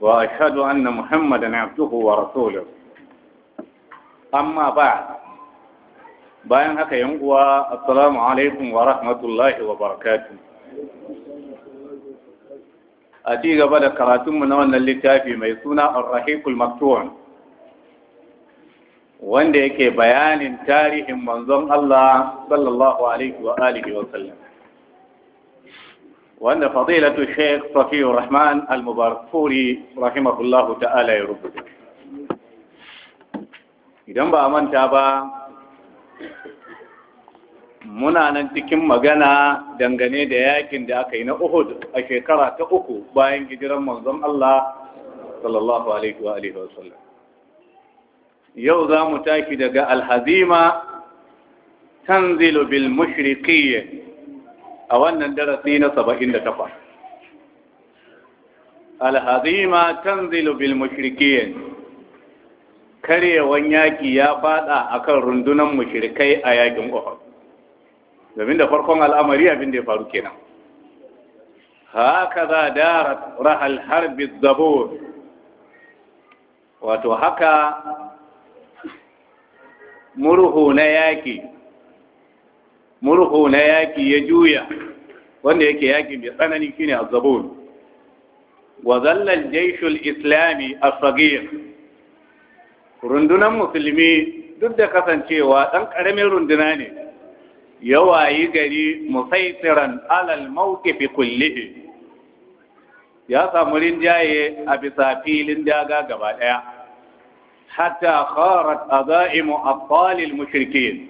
وأشهد أن محمدا عبده ورسوله أما بعد bayan haka yan uwa assalamu alaikum wa rahmatullahi wa barakatuh a ci gaba da karatunmu na wannan littafi mai suna ar-rahiqul maktuwan wanda yake bayanin tarihin manzon Allah sallallahu alaihi wa alihi wa sallam wanda fadilatu sheikh safiyu rahman al-mubarakfuri rahimahullahu ta'ala ya rubuta idan ba a manta ba muna nan cikin magana dangane da yakin da aka yi na uhud a shekara ta uku bayan hijiran manzon Allah sallallahu alaihi yau za mu tashi daga alhazima tanzilu bil mushriqiyya a wannan darasi na saba'in da takwas alhazima tanzilu bil mushrikiyin karyewan yaƙi ya a akan rundunan mushrikai a yakin uhud domin da farkon al'amari abin da ya faru kenan haka za darat rahal harbi zabur wato haka murhu na yaƙi murhu na yaki ya juya wanda yake yaki mai tsanani shine azabun wa zalla al islami a saghir rundunan musulmi duk da kasancewa dan karamin runduna ne yawayi gari musaitiran alal mawqif kullihi ya samu rinjaye a bisa filin daga gaba daya hatta kharat azaimu abtalil mushrikin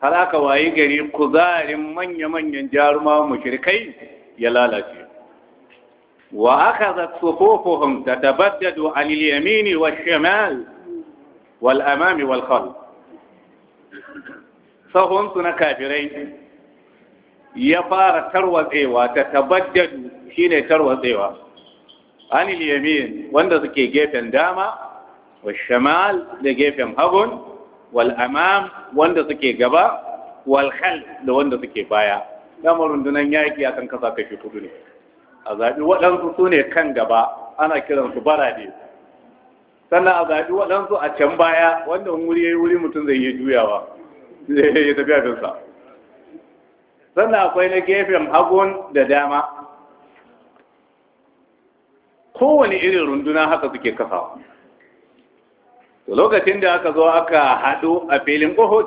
har aka wayi gari kuzarin manya-manyan jaruma mushrikai ya lalace wa aka zatsu kofohun da tabaddado alil wa shamal wal amami wal khal sahunsu na kafirai ya fara tarwatsewa ta shi ne tarwatsewa anil yamin wanda suke gefen dama wa shamal da gefen hagun wal amam wanda suke gaba wal khal da wanda suke baya dama rundunan yaki akan kasa kashi kudu ne a zaɓi waɗansu su ne kan gaba ana kiransu barade sannan a zaɓi waɗansu a can baya wanda wuri ya yi wuri mutum zai iya juyawa ya tafi abinsa sannan akwai na gefen hagun da dama kowane irin runduna haka suke kasawa lokacin da aka zo aka haɗo a filin Uhud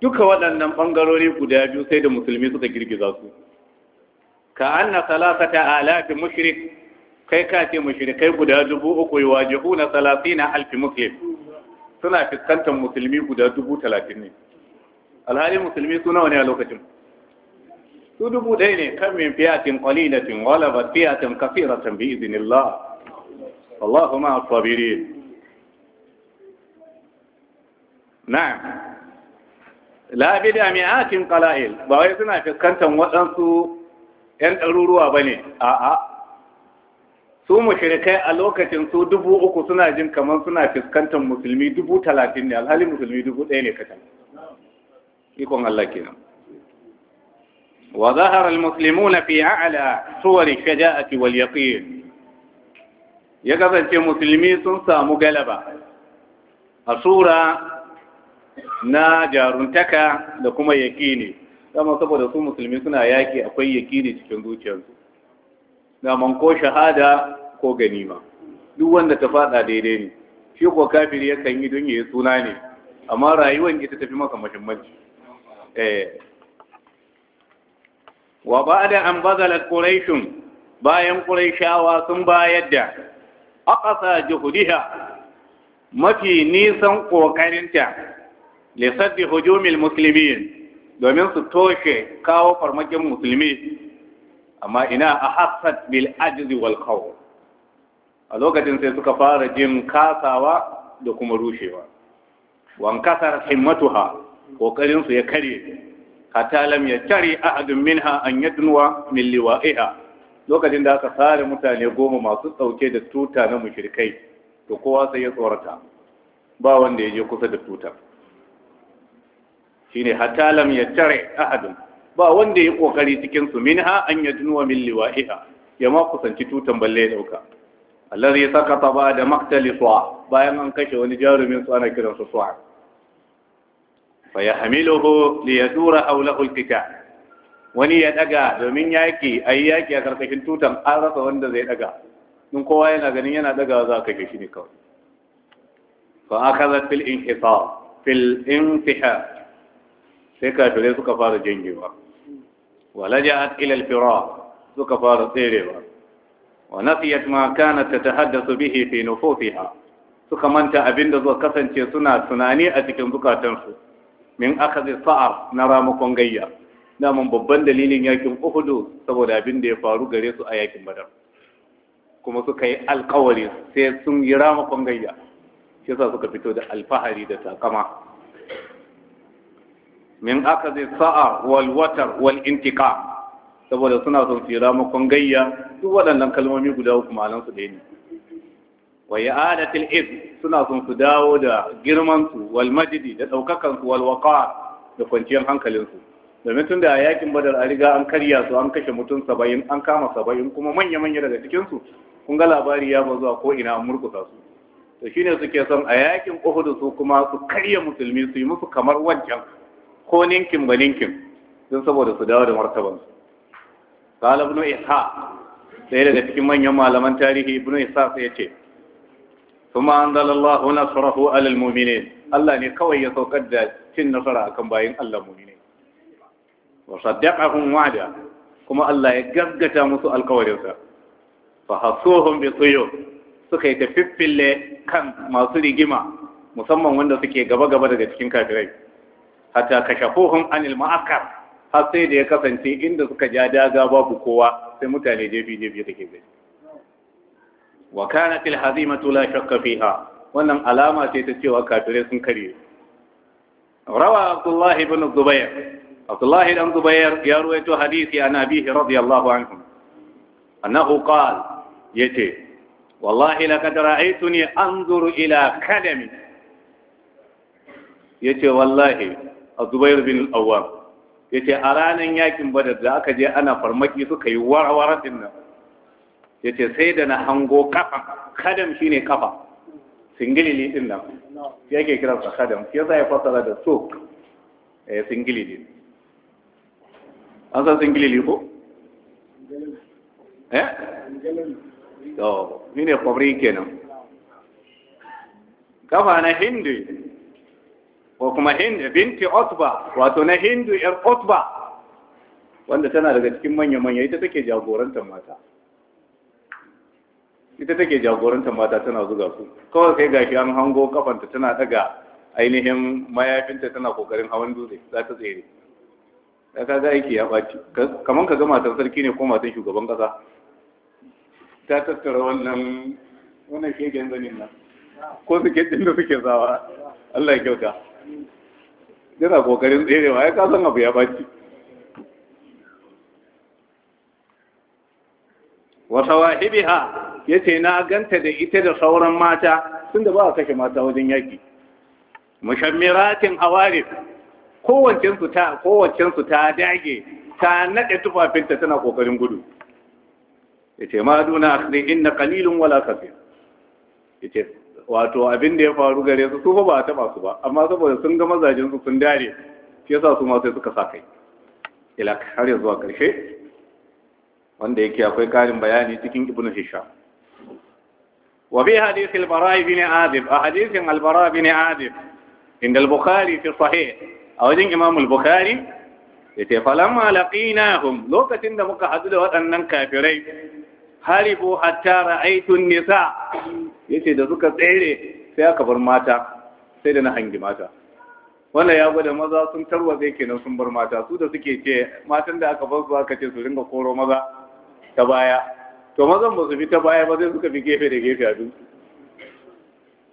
duka waɗannan ɓangarori guda biyu sai da musulmi suka girgiza su ka anna salasata alafi mushrik kai ka ce mushrikai guda dubu uku salasi na alfi muslim suna fuskantar musulmi guda dubu talatin ne alhali musulmi su nawa ne a lokacin su dubu ɗaya ne kan min fiyatin ƙwalilatin wala fiyatin kafiratan bi idnillah Allahu ma'a sabirin na'am la bid'a mi'atin qala'il ba wai suna fuskantar waɗansu ƴan ɗaruruwa bane a'a su mushrikai a lokacin su dubu uku suna jin kamar suna fuskantar musulmi dubu talatin ne alhali musulmi dubu ɗaya ne kacal ikon Allah ke nan. wa zahara almuslimuna fi a'la suwar shajaati wal yaqin ya kasance musulmi sun samu galaba a sura na jaruntaka da kuma yaƙini zama saboda su musulmi suna yaki akwai yaƙini cikin zuciyarsu daman ko shahada ko ganima duk wanda ta faɗa daidai ne shi ko kafiri yakan yi don yayi suna ne amma rayuwar ita tafi maka muhimmanci eh. wa ba da an bazala quraish bayan quraishawa sun bayar da ƙasa juhudiha mafi nisan ƙoƙarinta. lisaddi hujumil muslimin domin su toshe kawo farmakin musulmi amma ina a hasad bil ajzi wal qawl a lokacin sai suka fara jin kasawa da kuma rushewa wan kasar himmatuha kokarin su ya kare hatta lam yatari ahadun minha an yadnuwa min liwa'iha lokacin da aka tsare mutane goma masu tsauke da tuta na mushrikai to kowa sai ya tsorata ba wanda ya je kusa da tutar shine hatta lam yattari ahadun ba wanda ya kokari cikin su minha an yadnuwa min liwa'iha ya ma kusanci tutan balle ya dauka allazi sakata ba da maktali su'a bayan an kashe wani jarumin su ana kiran su su'a fa yahmiluhu li yadura hawlahu alqital wani ya daga domin yaki ayi yaki a karkashin tutan an rasa wanda zai daga in kowa yana ganin yana daga za ka kashe shi ne kawai fa akhadhat fil inhisar fil intihar sai kafirai suka fara jangewa walaja'at at ilal firar suka fara tserewa wa nasiyat ma kanat tatahaddathu bihi fi nufusiha suka manta abinda zuwa kasance suna tunani a cikin zukatansu min akhazi sa'ar na ramakon gayya daman babban dalilin yakin uhudu saboda abin da ya faru gare su a yakin badar kuma suka yi alkawari sai sun yi ramakon gayya shi yasa suka fito da alfahari da takama min aka zai sa'a walwatar wal'intika saboda suna son su makon gayya duk waɗannan kalmomi guda uku malan da ne wa adatil iz suna son su dawo da girmansu walmajidi da ɗaukakansu su da kwanciyar hankalinsu. domin tun da a yakin badar a riga an karya su an kashe mutum saba'in an kama saba'in kuma manya-manya daga cikinsu, kun ga labari ya bazu a ko'ina an murkusa su to shine suke son a yakin uhudu su kuma su karya musulmi su yi musu kamar wancan ko ninkin ba ninkin don saboda su dawo da martabansu qala ibn isha sai daga cikin manyan malaman tarihi ibn isha sai yace kuma anzalallahu nasrahu alal mu'minin Allah ne kawai ya saukar da cin nasara akan bayin Allah mu'mini wa saddaqahum wa'da kuma Allah ya gaggata musu alkawarinsa fa hasuhum bi tuyur suka yi tafiffille kan masu rigima musamman wanda suke gaba gaba daga cikin kafirai hatta kashafuhum anil ma'akar har sai da ya kasance inda suka ja daga babu kowa sai mutane jefi jefi take gani wa kanat al hazimatu la shakka fiha wannan alama ce ta cewa kafirai sun kare rawa abdullah ibn zubair abdullah ibn zubair ya ruwaito hadisi an abihi radiyallahu anhu annahu qala yace wallahi laqad ra'aytuni anzuru ila kadami yace wallahi a zubair bin awwam ya ce a ranar yakin badar da aka je ana farmaki suka yi warware din nan ya ce sai da na hango kafa kadam shine kafa singilili din nan ya ke kiransa kadam ya sa ya fasara da sok eh singilili an san ne ko eh to ne kwabri kenan kafa na hindu ko kuma hindu binti otba wato na hindu yar otba wanda tana daga cikin manya-manya ita take jagorantar mata ita take jagorantar mata tana zuga su kawai sai gashi an hango kafanta tana daga ainihin mayafinta tana kokarin hawan dutse za ta tsere ya kaga aiki ya ɓaci kamar ka ga matar sarki ne ko matan shugaban ƙasa ta tattara wannan wannan shegen zanin nan ko suke ɗin da suke zawa Allah ya kyauta yana kokarin tserewa ya kasan abu ya bacci. wata wahibiha ya ce na ganta da ita da sauran mata tun da ba a kashe mata wajen yaki mushammiratin hawarif kowancinsu ta kowancinsu ta dage ta naɗe tufafinta tana kokarin gudu ya ce ma duna inna qalilun wala kafin. ya ce wato abin da ya faru gare su su ba a taba su ba amma saboda sun ga mazajin su sun dare shi yasa su ma sai suka sa kai ila har ya zuwa karshe wanda yake akwai karin bayani cikin ibnu hisham wa bi hadith al-bara' ibn adib a hadith al-bara' ibn adib inda al-bukhari fi sahih a wajen imam al-bukhari yace falamma laqinahum lokacin da muka hadu da waɗannan kafirai haribu hatta ra'aytu an-nisa ce da suka tsere sai aka bar mata sai da na hangi mata wannan ya gwada maza sun tarwatse kenan sun bar mata su da suke ce matan da aka bar su aka ce su ringa koro maza ta baya to mazan ba su fi ta baya ba sai suka fi gefe da gefe a duk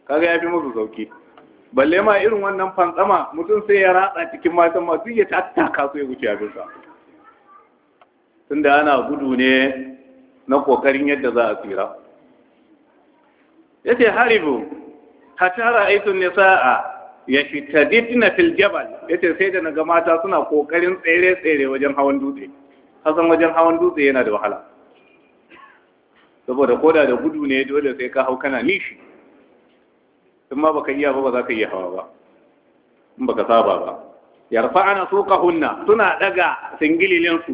kaga ya fi musu sauki balle ma irin wannan fantsama mutum sai ya ratsa cikin matan ma su ya tattaka su ya wuce abinsa tunda ana gudu ne na kokarin yadda za a tsira ya ce haribu hatta ra'aitun nisa'a ya shitadidna fil jabal ya ce sai da naga mata suna kokarin tsere-tsere wajen hawan dutse hasan wajen hawan dutse yana da wahala saboda koda da gudu ne dole sai ka hau kana nishi Tun ma baka iya ba ba za ka iya hawa ba in baka saba ba yarfa'ana suqahunna suna daga singililin su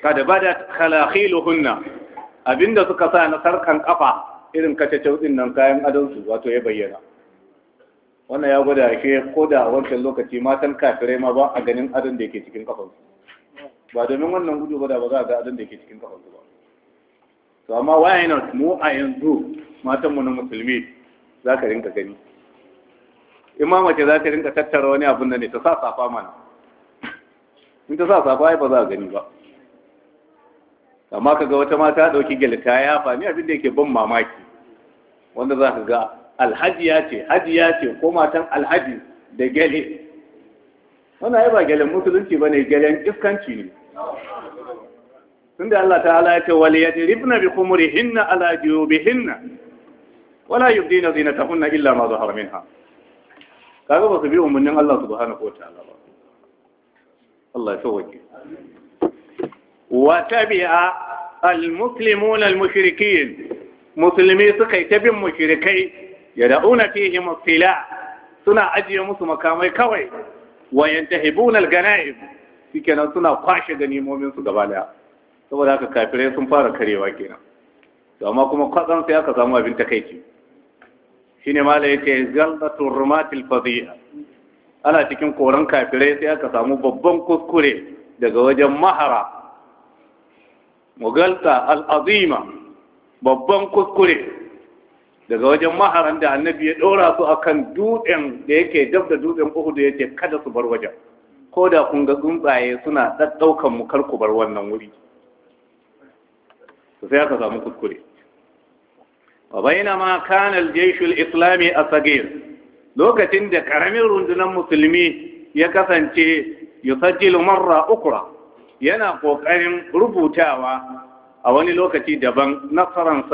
kada bada khalaqiluhunna abinda suka sa na sarkan kafa irin katacau din nan kayan adonsu wato ya bayyana wannan ya gwada ake ko da wancan lokaci matan kafirai ma ba a ganin adon da yake cikin kafansu ba domin wannan gudu ba da ba za a ga adon da yake cikin kafansu ba to amma why not mu a yanzu matanmu na musulmi za ka rinka gani imama ce za ta rinka tattara wani abun da ne ta sa safa mana in ta sa safa ba za a gani ba amma kaga wata mata ɗauki gyalta ya fa ni abin da yake ban mamaki wanda za ka ga alhajiya ce hajiya ce ko matan alhaji da gele wannan ai ba gelen musulunci ba ne gelen iskanci ne Tunda da Allah ta'ala ya ce wal yadribna bi khumurihinna ala jubihinna wala yubdina zinatahunna illa ma zahara minha kaga ba su bi umarnin Allah subhanahu wataala ba Allah ya sauke wa tabi'a al-muslimuna al-mushrikin musulmi suka yi ta bin mushirikai ya da'una yi sila suna ajiye musu makamai kawai wa yantahibuna al-ganaib shikenan suna kwashe ganimomin su gaba daya saboda haka kafirai sun fara karewa kenan to amma kuma kwatsan sai aka samu abin takeici shine mala yake zalatu rumatil fadhiha ana cikin koran kafirai sai aka samu babban kuskure daga wajen mahara mugalta al-azima babban kuskure daga wajen maharan da annabi ya ɗora su a kan dutsen da yake dab da dutsen uhudu ya ce kada su bar wajen ko da kun ga tsuntsaye suna ɗaɗɗaukan mu kar ku bar wannan wuri sai aka samu kuskure wa ma kana al-jayshul islami asagir lokacin da karamin rundunar musulmi ya kasance yusajjilu marra ukra yana ƙoƙarin rubutawa a wani lokaci daban nasaran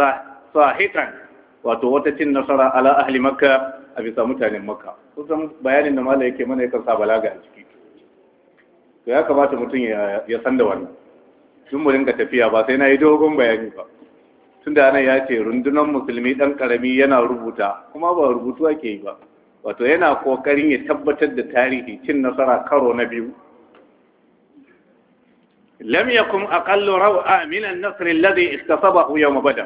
sahitan wato wata cin nasara ala ahli makka a bisa mutanen makka kusan bayanin da mala yake mana yakan sa balaga a ciki to ya kamata mutum ya san da wannan tun mu dinga tafiya ba sai na yi dogon bayani ba tun da nan ya ce rundunar musulmi dan karami yana rubuta kuma ba rubutu ake yi ba wato yana kokarin ya tabbatar da tarihi cin nasara karo na biyu lam yakun aqallu raw'a min an-nasr alladhi istasabahu yawm badr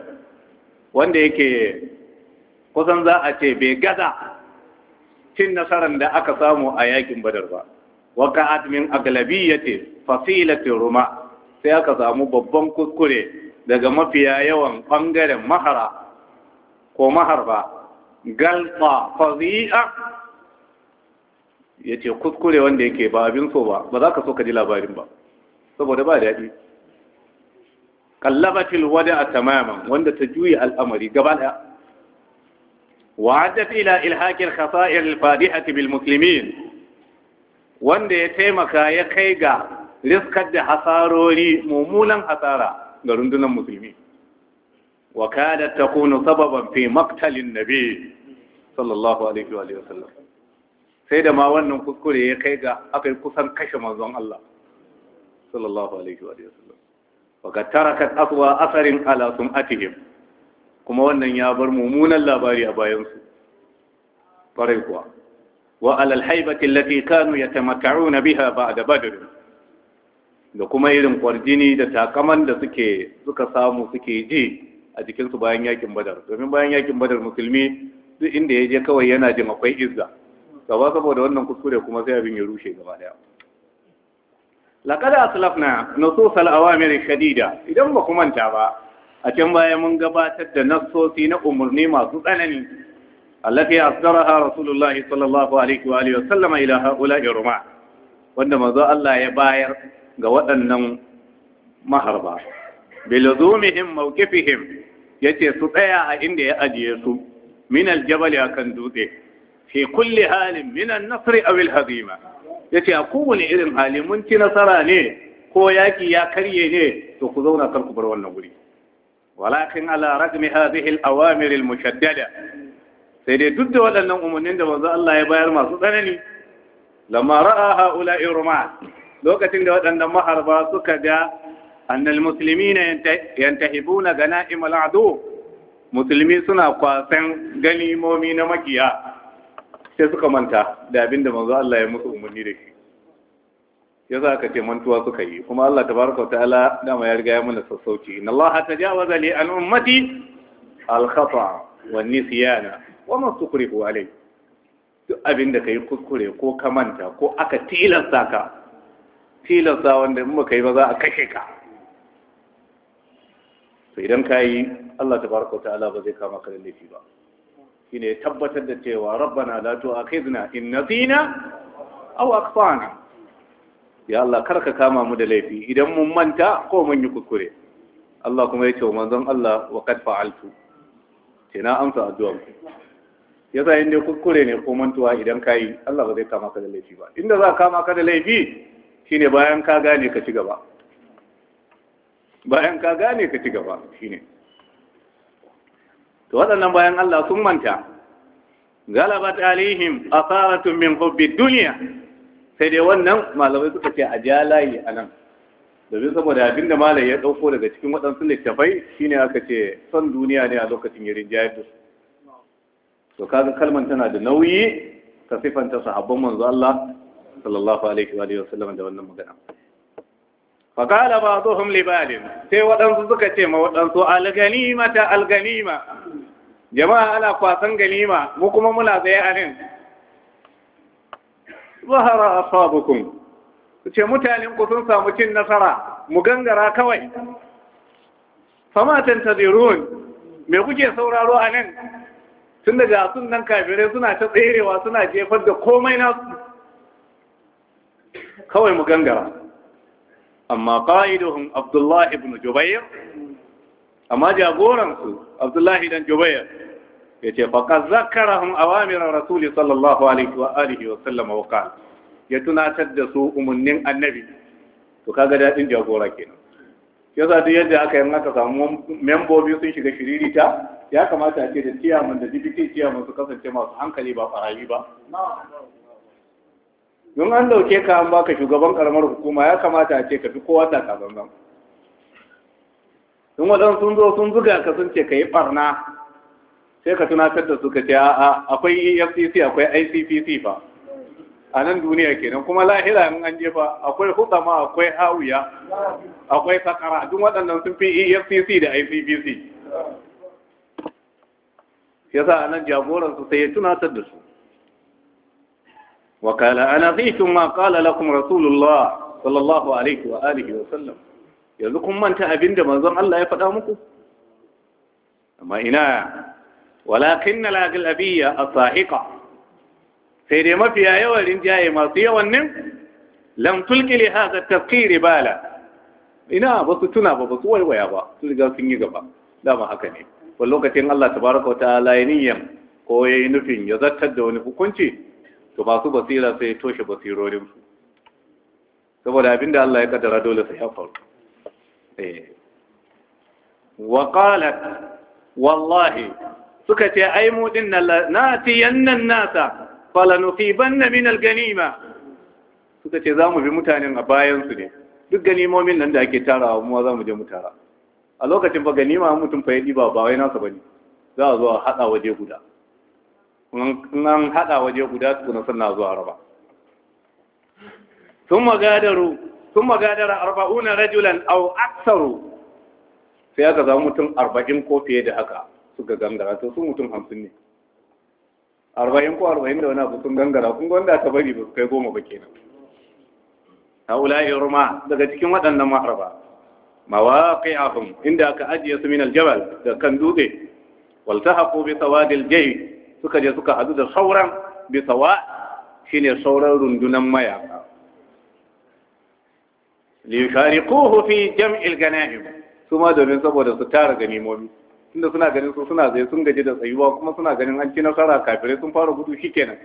wanda yake kusan za a ce bai gada cin nasarar da aka samu a yakin badar ba wa ka'at min aglabiyyati fasilati ruma sai aka samu babban kuskure daga mafiya yawan bangaren mahara ko maharba galba fazi'a ya ce kuskure wanda yake ba abin so ba ba za ka so ka ji labarin ba saboda ba daɗi kallabatil wada a tamaman wanda ta juya al'amari gaba ɗaya wa'addat ila ilhakin khasa'ir al-fadihati bil muslimin wanda ya taimaka ya kai ga riskar da hasarori mummunan hasara ga rundunar musulmi wa kadat takunu sababan fi maqtalin nabi sallallahu alaihi wa sallam sai da ma wannan kuskure ya kai ga aka kusan kashe manzon Allah sallallahu alaihi wa sallam faqad asarin ala sum'atihim kuma wannan ya bar mummunan labari a bayansu kwarai kuwa wa alal haibati allati kanu yatamatta'una biha ba'da badr da kuma irin kwarjini da takaman da suke suka samu suke ji a jikinsu bayan yakin badar domin bayan yakin badar musulmi duk inda ya je kawai yana jin akwai izza gaba saboda wannan kuskure kuma sai abin ya rushe gaba daya laqad aslafna nusus al-awamir shadida idan ba kuma manta ba a can baya mun gabatar da nasosi na umarni masu tsanani allati asdaraha rasulullahi sallallahu alaihi wa alihi wa sallama ila haula'i ruma wanda manzo Allah ya bayar ga waɗannan maharba bilazumihim mawqifihim yace su tsaya a inda ya ajiye su min aljabal akan dutse fi kulli halin min an-nasr aw al-hazima ya ce a kowane irin hali mun ci nasara ne ko yaƙi ya karye ne to ku zauna kar ku bar wannan guri walakin ala ragmi hadhihi al-awamir al-mushaddada sai dai duk da waɗannan umarnin da manzo Allah ya bayar masu tsanani lamma ra'a haula'i ruma lokacin da waɗannan maharba suka ga annal muslimina yantahibuna ganaim al-adu musulmi suna kwasan ganimomi na makiya sai suka manta da abinda da manzo Allah ya musu umarni da shi ya za ka ce mantuwa suka yi kuma Allah baraka wa ta'ala dama ya riga ya mana sassauci inna Allah tajawaza li an ummati al khata wa nisyana wa ma sukrihu alai duk abin da kai kuskure ko ka manta ko aka tilasta ka tilasta wanda in baka yi ba za a kashe ka to idan ka yi Allah baraka wa ta'ala ba zai kama ka da laifi ba shine ya tabbatar da cewa rabbana la tu'akhidna in nasina aw akhtana ya Allah karka kama mu da laifi idan mun manta ko mun yi kuskure Allah kuma ya ce manzon Allah wa qad fa'altu ce amsa addu'ar ku sa in dai kuskure ne ko mantuwa idan kai Allah ba zai kama ka da laifi ba inda za ka kama ka da laifi shine bayan ka gane ka ci gaba bayan ka gane ka ci gaba shine to waɗannan bayan Allah sun manta galabat alihim asaratun min hubbi duniya sai dai wannan malamai suka ce a ja layi a nan domin saboda abin da malai ya ɗauko daga cikin waɗansu littafai shine aka ce son duniya ne a lokacin yirin jayar da su to kaga kalman tana da nauyi ka sifanta sahabban manzo Allah sallallahu alaihi wa sallam da wannan magana faƙala ba zuhun libalin sai waɗansu suka ce ma waɗansu alganima ta alganima jama'a ana kwasan ganima mu kuma muna tsaye a nan zahara asabukum ce mutanen ku sun samu cin nasara mu gangara kawai fama tantazirun me kuke sauraro a nan tun daga sun nan kafirai suna ta tserewa suna jefar da komai na kawai mu gangara amma qa'iduhum abdullah ibn jubair amma jagoransu abdullahi dan jubair ya ce faƙa zakarahun awamiran rasuli sallallahu alaihi wa alihi wa sallama wa qala ya tunatar da su umarnin annabi to kaga daɗin jagora kenan yasa duk yadda aka yi aka samu membobi sun shiga shiririta ya kamata a ce da ciyaman da dibiti ciyaman su kasance masu hankali ba farayi ba don an dauke ka an baka shugaban karamar hukuma ya kamata a ce ka fi kowa ta kazanzan sun waɗansu sun zo sun zuga ka sun ce ka yi ɓarna sai ka tunatar da su ka ce a'a akwai efcc akwai icpc fa a nan duniya kenan kuma lahira in an jefa akwai hukama akwai hawiya akwai sakara duk waɗannan sun fi efcc da icpc sa a nan jagoransu sai ya tunatar da su وقال ana فيكم ما قال lakum rasulullah sallallahu alaihi wa alihi wa sallam). yanzu kun manta abin da manzon Allah ya faɗa muku amma ina walakin na lagalabiyya a sahiƙa sai dai mafiya yawan rinjaye masu yawan nan lam tulkili haka tafkiri bala ina ba su tuna ba ba su waiwaya ba su riga sun yi gaba dama haka ne wani lokacin Allah ta wa ta'ala ya niyyan ko ya yi nufin ya zartar da wani hukunci to masu basira sai toshe basirorinsu saboda abinda Allah ya kaddara dole sai ya faru Eh. wa wallahi suka ce ai mu din nan na tiyannan nasa na min alganima suka ce za mu bi mutanen a bayansu ne duk ganimomin nan da ake tarawa mu za mu je mu tara a lokacin fa ganima mutum fa ya ba wai nasa za a zo a haɗa waje guda in an waje guda tukuna zuwa raba sun magadaru sun magadara arba'una rajulan au aksaru sai aka zama mutum arba'in ko fiye da haka suka gangara to su mutum hamsin ne arba'in ko arba'in da wani abu sun gangara kun gwanda ta bari ba su kai goma ba kenan haula'i ruma daga cikin waɗannan maharba mawaqi'ahum inda aka ajiye su min aljabal da kan dutse waltahaqu bi sawadil jay suka je suka hadu da sauran bi sawa shine sauran rundunar mayasa. liyushariquhu fi jam'il ganaim su ma domin saboda su tara ganimomi tunda suna ganin su suna zai sun gaji da tsayuwa kuma suna ganin an ci nasara kafirai sun fara gudu shikenan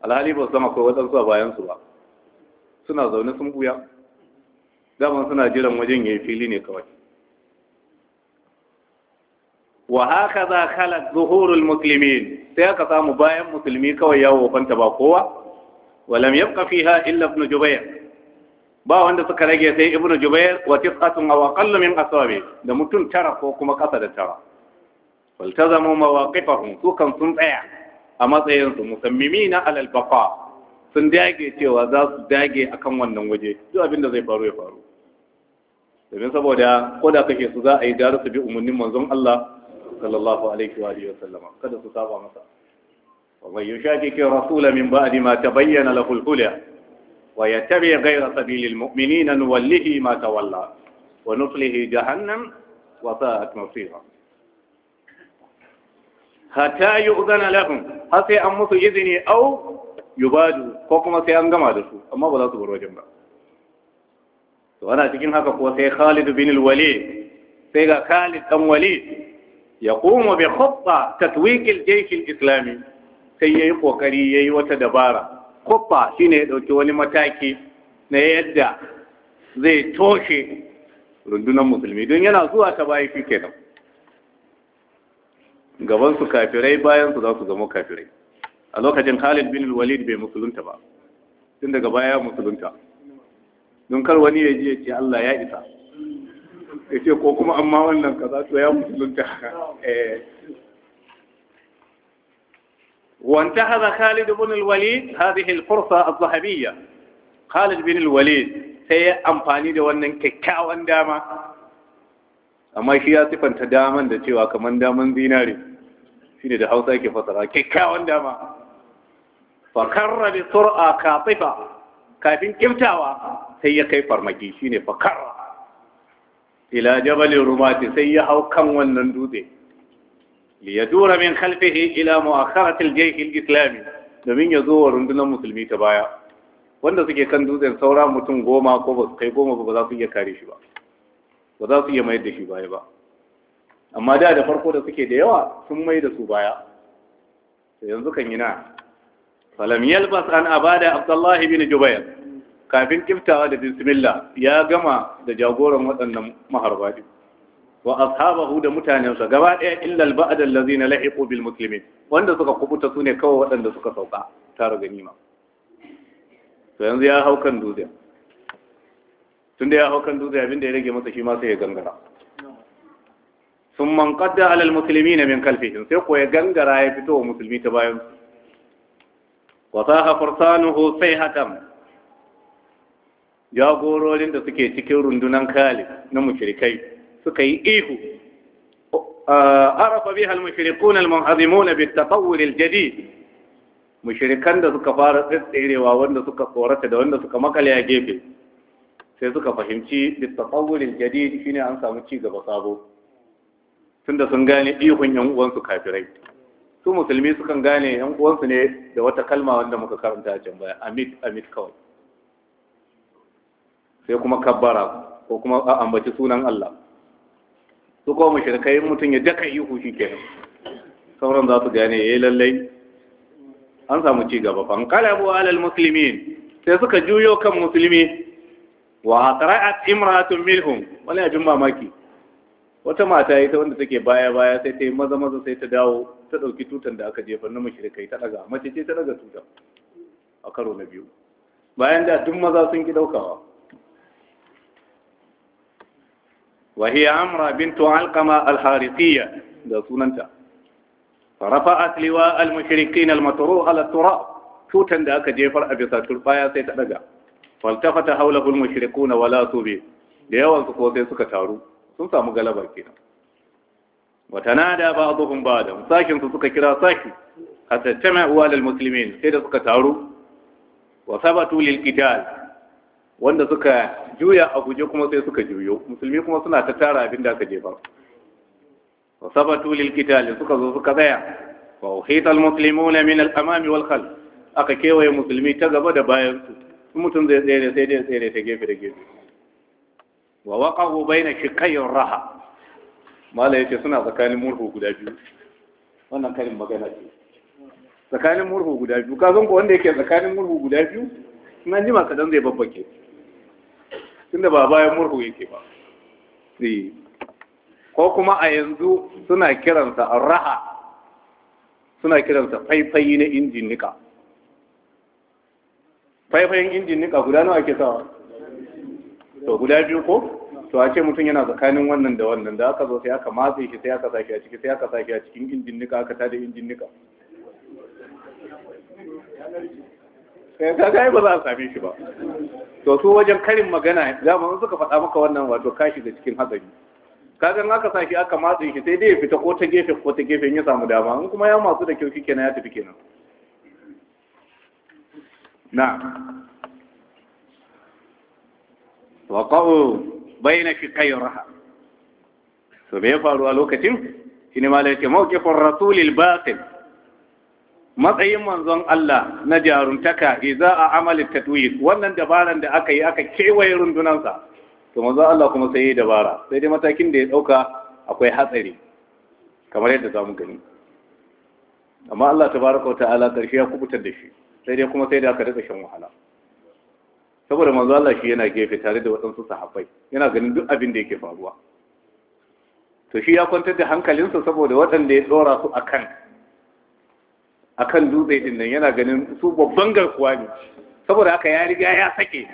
alhali ba su zama kai waɗansu a bayan su ba suna zaune sun buya daman suna jiran wajen yayi fili ne kawai wa hakaza za kala zuhurul muslimin sai aka samu bayan musulmi kawai yawo fanta ba kowa walam yabqa fiha illa ibn jubayr ba wanda suka rage sai ibnu jubair wa tis'atun aw aqallu min asabi da mutum tara ko kuma kasa da tara waltazamu mawaqifahum su kan sun tsaya a matsayin su musammimina alal baqa sun dage cewa za su dage akan wannan waje duk abin da zai faru ya faru domin saboda ko da kake su za a yi daru su bi umarnin manzon Allah sallallahu alaihi wa alihi wa sallama kada su saba masa wa man yushaqiqi rasula min ba'di ma tabayyana bayyana al ويتبع غير سبيل المؤمنين نوله ما تولى ونصله جهنم وساءت مصيرا حتى يؤذن لهم حتى أمس إذني أو يبادوا كوكما سيانغم هذا أما بلا سبر وجنبا وأنا تكين هكا هو سي خالد بن الوليد سيغا خالد بن وليد يقوم بخطة تتويك الجيش الإسلامي سيئي وكريئي وتدبارا kuffa shine ya ɗauki wani mataki na yadda zai toshe rundunar musulmi don yana zuwa ta bayan shi kenan gaban su kafirai bayan su za su zama kafirai a lokacin Khalid bin Walid bai musulunta ba tun daga baya musulunta don kar wani ya ji ya ce Allah ya isa ya ce ko kuma amma wannan kaza to ya musulunta eh وانتهز خالد بن الوليد هذه الفرصة الذهبية خالد بن الوليد سي amfani da wannan kyakkyawan dama amma shi ya sifanta daman da cewa kaman daman zinare shine da Hausa yake fasara kyakkyawan dama fa karra bi sur'a kafin kimtawa sai ya kai farmaki shine fa karra ila jabal rumati sai ya hau kan wannan dutse liyadura min khalfihi ila mu'akharatil jayhil islami domin ya zo wa rundunar musulmi ta baya wanda suke kan dutsen saura mutum goma ko ba su kai goma ba za su iya kare shi ba ba za su iya mayar da shi baya ba amma da da farko da suke da yawa sun mai da su baya yanzu kan yi na falam yalbas an abada abdullahi bin jubair kafin kiftawa da bismillah ya gama da jagoran waɗannan maharbadi wa ashabahu da mutanensa gaba ɗaya illal al-ba'd allazina lahiqu bil muslimin wanda suka kubuta sune kawai waɗanda suka sauka tare ganima to yanzu ya hau kan dutse tunda ya hau kan dutse abinda ya rage masa shi ma sai ya gangara sun man qadda alal al-muslimina min kalfihim sai ko ya gangara ya fito wa musulmi ta bayan wa saha fursanuhu sai hakan jagororin da suke cikin rundunan kalif na mushrikai suka yi ihu arafa biha al-mushrikun al-munhazimun bi at-tatawwur al da suka fara tsirewa wanda suka tsorata da wanda suka makale a gefe sai suka fahimci bi at-tatawwur al-jadid an samu ci gaba sabo tunda sun gane ihun yan uwansu kafirai su musulmi sukan gane yan uwansu ne da wata kalma wanda muka karanta a can baya amit amit kawai sai kuma kabbara ko kuma a ambaci sunan Allah su ko kai mutum ya daka ihu ke sauran za su gane yi eh, lallai an samu ci gaba fa qalabu alal muslimin sai suka juyo kan musulmi wa a imra'atun minhum wani abin mamaki wata mata ita wanda take baya baya sai ta yi maza maza sai ta dawo ta dauki tutan da aka jefa na mushrikai ta daga mace ce ta daga tutan a karo na biyu bayan da duk maza sun ki daukawa وهي عمرة بنت علقمة الحارثية ده سننتا فرفعت لواء المشركين المطروح على التراب توتن ده كجيفر أبي ساتر فايا سيترجع فالتفت حوله المشركون ولا سبي da yawan ko sai suka taru sun samu galaba kenan watana da ba'dhum ba'dan sakin su suka kira saki hatta tama'u lil sai da suka taru wa lil wanda suka juya a guje kuma sai suka juyo musulmi kuma suna ta tara abin da aka jefa sabatu lil qital suka zo suka tsaya wa uhita al muslimuna min al amam wal khalf aka kewaye musulmi ta gaba da bayan su mutum zai tsere sai dai tsere ta gefe da gefe wa waqahu baina shiqayyir raha mala yace suna tsakanin murhu guda biyu wannan karin magana ce tsakanin murhu guda biyu ka san ko wanda yake tsakanin murhu guda biyu nan jima kadan zai babbake tunda ba bayan murhu yake ba ko kuma a yanzu suna kiransa raha suna kiransa faifayi na injin nika faifayin injin nika guda nawa ake sawa to guda biyu ko to a ce mutum yana tsakanin wannan da wannan da aka zo sai aka matse shi sai aka sake a ciki sai aka sake a cikin injin nika aka tada injin nika Eh, kaga ba za a same shi ba to su wajen karin magana zamanin suka faɗa maka wannan wato kashi da cikin hatsari kaga in aka sashi aka matsa shi sai dai ya fita ko ta gefe ko ta gefe ya samu dama in kuma ya masu da kyau shikenan ya tafi kenan na wa qa'u bayna shiqay raha to me ya faru a lokacin shine malai ce mawqifur rasulil batil matsayin manzon Allah na jaruntaka za a amali tatwif wannan dabaran da aka yi aka kewaye rundunansa to manzon Allah kuma sai ya dabara sai dai matakin da ya dauka akwai hatsari kamar yadda zamu gani amma Allah ta wata ala ƙarshe ya kubutar da shi sai dai kuma sai da aka rika shan wahala saboda manzo Allah shi yana gefe tare da waɗansu sahabbai yana ganin duk abin da yake faruwa to shi ya kwantar da hankalinsa saboda waɗanda ya dora su akan akan dutse din nan yana ganin su babban garkuwa ne saboda haka ya riga ya sake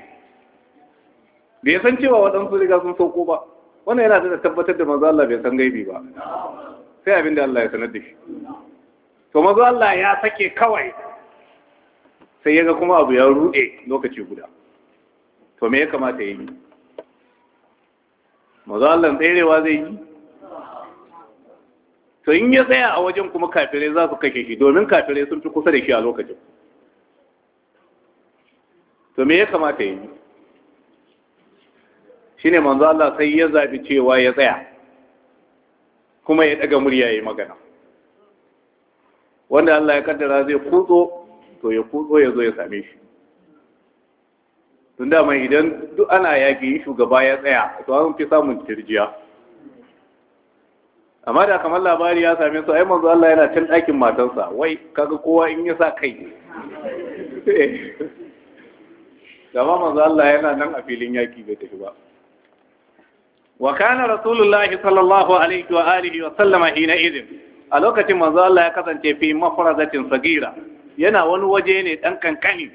da san cewa waɗansu riga sun sauko ba wannan yana da tabbatar da manzo Allah bai san gaibi ba sai abin da Allah ya sanar da shi to manzo Allah ya sake kawai sai yaga kuma abu ya rude lokaci guda to me ya kamata yayi manzo Allah tserewa zai yi to in ya tsaya a wajen kuma kafirai za su kashe shi domin kafirai sun fi kusa da shi a lokacin to me ya kamata yi ne manzo Allah sai ya zaɓi cewa ya tsaya kuma ya daga murya ya yi magana wanda Allah ya kaddara zai kutso to ya kutso ya zo ya same shi tun dama idan duk ana yaƙi shugaba ya tsaya to an fi samun tirjiya amma da kamar labari ya same su ai manzo Allah yana cin ɗakin matansa wai kaga kowa in ya sa kai gama manzo Allah yana nan a filin yaki bai tafi ba wa kana rasulullah sallallahu alaihi wa alihi wa sallama hina idin a lokacin manzo Allah ya kasance fi mafradatin sagira yana wani waje ne dan kankani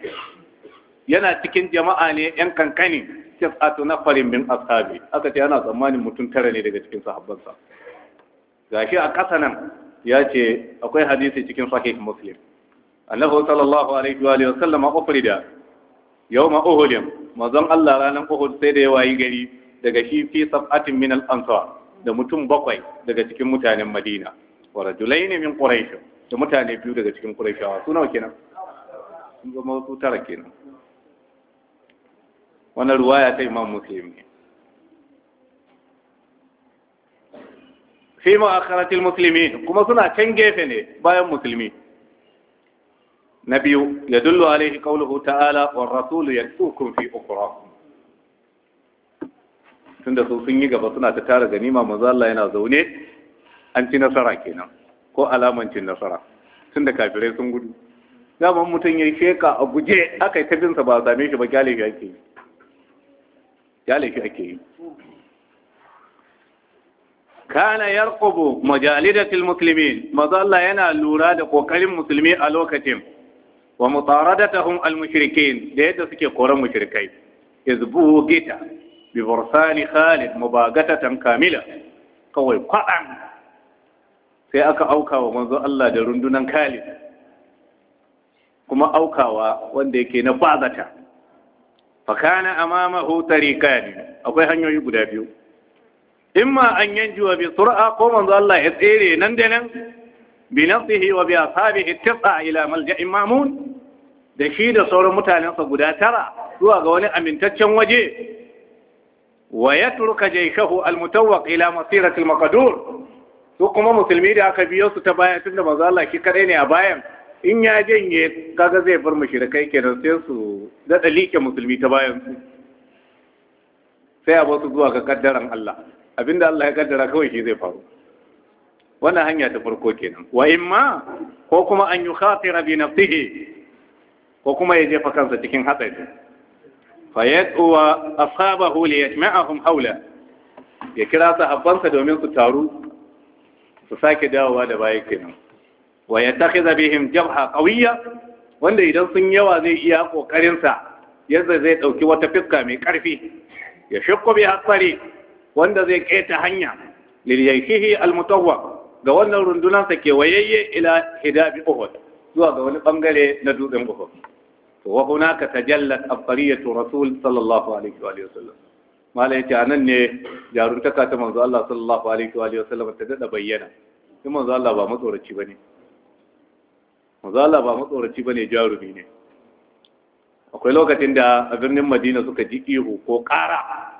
yana cikin jama'a ne yan kankani tis'atu nafarin min ashabi aka ce ana tsammanin mutum tara ne daga cikin sahabbansa gashi a ƙasa nan ya ce akwai hadisi cikin sahih muslim annahu sallallahu alaihi wa sallam ufrida yawma uhud mazan Allah ranan uhud sai da yayi gari daga shi fi sab'atin min al-ansar da mutum bakwai daga cikin mutanen Madina wa rajulaini min quraish da mutane biyu daga cikin quraishawa su nawa kenan sun zama su tara kenan wannan ruwaya ta Imam Muslim ne fi ma'akharatil muslimin kuma suna can gefe ne bayan musulmi na biyu ya dullu alaihi qawluhu ta'ala war rasul yaksukum fi ukhra tunda su sun yi gaba suna ta tara ganima manzo Allah yana zaune an ci nasara kenan ko alaman cin nasara tunda kafirai sun gudu daman mutum ya sheka a guje aka yi ta binsa ba a same shi ba gyale shi ake yi shi yi kana yarqubu majalidatil muslimin manzo yana lura da kokarin musulmi a lokacin wa mutaradatahum al mushrikin da yadda suke koran mushrikai izbu gita bi bursani Khalid mubagatatan kamila kawai kwadan sai aka auka wa manzo Allah da rundunan Khalid kuma aukawa wanda yake na bazata fakana amamahu tariqan akwai hanyoyi guda biyu imma an yanjuwa bi sur'a ko manzo Allah ya tsere nan da nan bi nafsihi wa bi ashabihi tis'a ila malja'in mamun da shi da sauran mutanensa guda tara zuwa ga wani amintaccen waje wa yatruka shahu almutawwaq ila masirati almaqdur su kuma musulmi da aka biyo su ta baya tunda manzo Allah shi kadai ne a bayan in ya janye kaga zai bar mushrikai kenan sai su da dalike musulmi ta bayan su sai a zuwa ga kaddaran Allah abinda Allah ya kaddara kawai shi zai faru wannan hanya ta farko kenan wa imma ko kuma an yi khatira bi nafsihi ko kuma ya jefa kansa cikin hatsari fa yad'u wa ashabahu li yajma'ahum hawla ya kira sahabbansa domin su taru su sake dawowa da baya kenan wa yattakhidha bihim jabha qawiyya wanda idan sun yawa zai iya kokarin sa yadda zai dauki wata fiska mai karfi ya shukku bi hasari wanda zai keta hanya lil yayshihi al mutawwa ga wannan rundunar sa ke wayayye ila hidabi uhud zuwa ga wani bangare na dutsen uhud to wa hunaka tajallat afariyatu rasul sallallahu alaihi wa sallam malai ta nan ne jaruntaka ta manzo Allah sallallahu alaihi wa sallam ta dada bayyana shi manzo Allah ba matsoraci bane manzo Allah ba matsoraci bane jarumi ne akwai lokacin da a birnin Madina suka ji ihu ko ƙara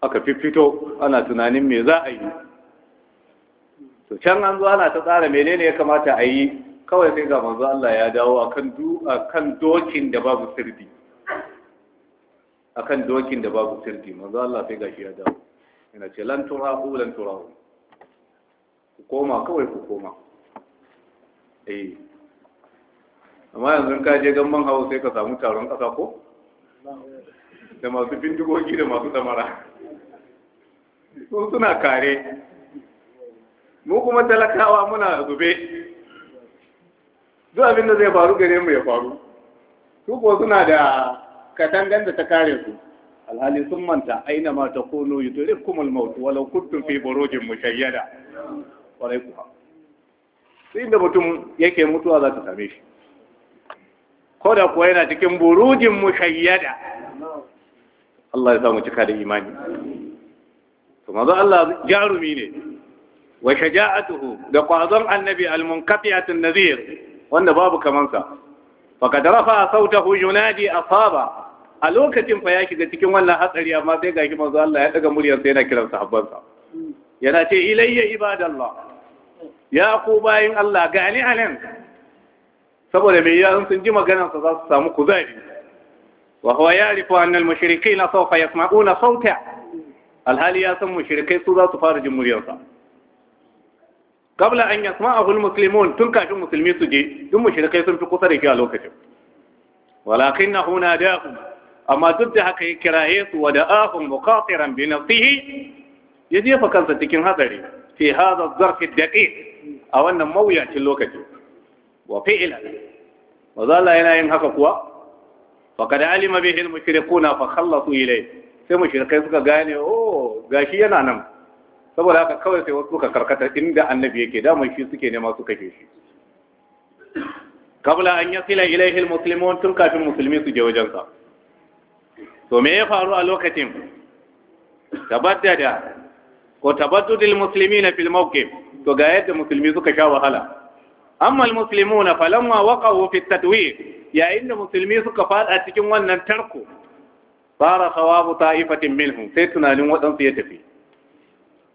aka fifito ana tunanin me za a yi to can an zo ana ta tsara menene ya kamata a yi kawai sai ga manzo Allah ya dawo akan du akan dokin da babu sirdi akan dokin da babu sirdi manzo Allah sai gashi ya dawo yana ce lan ko lan turahu ku koma kawai ku koma eh amma yanzu ka je gamban hawo sai ka samu taron kasa ko da masu bindigogi da masu samara su suna kare mu kuma talakawa muna zube duk abinda zai faru gare mu ya faru su ko suna da katangan da ta kare su alhali sun manta aina ma ta kono yi turin kumul mautu walau kuttun fi burujin shayyada. kwarai kuwa su inda mutum yake mutuwa za ta same shi ko da kuwa yana cikin burujin shayyada. Allah ya samu cika da imani to manzo Allah jarumi ne wa shaja'atuhu da qazon annabi al-munqati'at an-nazir wanda babu kaman sa faqad rafa sautahu yunadi asaba a lokacin fa ya shiga cikin wannan hatsari amma sai gashi manzo Allah ya daga muryar sa yana kiran sahabbansa yana ce ilayya ibadallah ya ku bayin Allah gani anan saboda mai yaran sun ji maganarsa za su samu kuzari wa huwa ya'rifu anna na mushrikeena sawfa yasma'una sawta alhali ya san mushrikai su za su fara jin muryarsa kabla an yasma'ahu almuslimun tun kafin musulmi su je duk mushrikai sun fi kusa da shi a lokacin walakinahu nadahum amma duk da haka ya kiraye su wa da'ahum muqatiran bi nafsihi ya jefa kansa cikin hatsari fi hadha zarf daqiq a wannan mawuyacin lokaci wa fi'lan wa zalla yana yin haka kuwa faqad alima bihi almushrikuna fa khallasu ilayhi sai mu mushrikai suka gane oh gashi yana nan saboda haka kawai sai wasu suka karkata inda annabi yake mai shi suke nema suka ke shi kabla an yi yasila ilaihi muslimun tun kafin musulmi su je wajensa to me ya faru a lokacin tabaddada ko tabaddudul muslimina fil mawqif to ga yadda musulmi suka sha wahala amma muslimuna falamma waqa'u fi tatwir yayin da musulmi suka fada cikin wannan tarko fara sawabu ta'ifatin minhum sai tunanin waɗansu ya tafi